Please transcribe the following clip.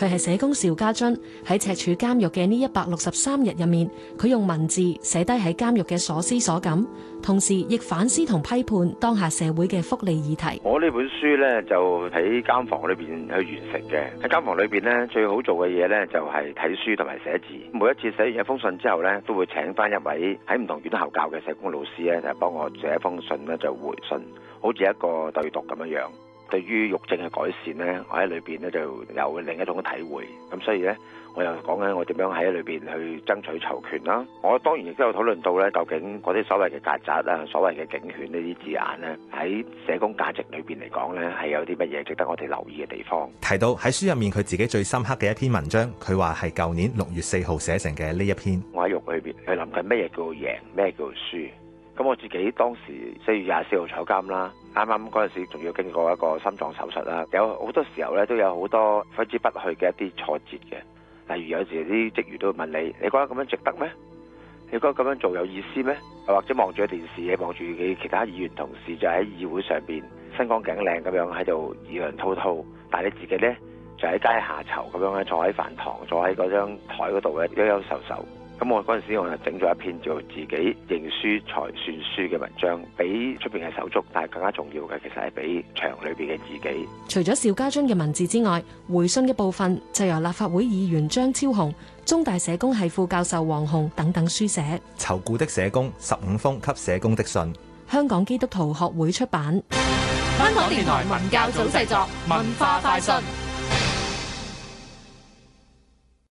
佢係社工邵家臻喺赤柱監獄嘅呢一百六十三日入面，佢用文字寫低喺監獄嘅所思所感，同時亦反思同批判當下社會嘅福利議題。我呢本書咧就喺監房裏邊去完成嘅。喺監房裏邊咧最好做嘅嘢咧就係、是、睇書同埋寫字。每一次寫完一封信之後咧，都會請翻一位喺唔同院校教嘅社工老師咧，就幫、是、我寫一封信咧就回信，好似一個對讀咁樣樣。對於獄政嘅改善咧，我喺裏邊咧就有另一種嘅體會，咁所以咧我又講緊我點樣喺裏邊去爭取囚權啦。我當然亦都有討論到咧，究竟嗰啲所謂嘅曱甴啊、所謂嘅警犬呢啲字眼咧，喺社工價值裏邊嚟講咧，係有啲乜嘢值得我哋留意嘅地方。提到喺書入面佢自己最深刻嘅一篇文章，佢話係舊年六月四號寫成嘅呢一篇。我喺獄裏邊係諗緊乜嘢叫贏，咩叫輸。咁我自己當時四月廿四號坐監啦。啱啱嗰陣時仲要經過一個心臟手術啦、啊，有好多時候咧都有好多揮之不去嘅一啲挫折嘅。例如有時啲職員都會問你：你覺得咁樣值得咩？你覺得咁樣做有意思咩？又或者望住電視，望住其他議員同事就喺議會上面身光頸靚咁樣喺度議論滔滔，但你自己呢，就喺階下囚咁樣坐喺飯堂，坐喺嗰張台嗰度咧憂憂愁愁。咁我嗰陣時，我又整咗一篇叫自己認輸才算輸嘅文章，俾出邊係手足，但係更加重要嘅，其實係俾牆裏邊嘅自己。除咗邵家臻嘅文字之外，回信嘅部分就由立法會議員張超雄、中大社工系副教授黃洪等等書寫。籌股的社工十五封給社工的信，香港基督徒學會出版。香港電台文教組製作，文化快訊。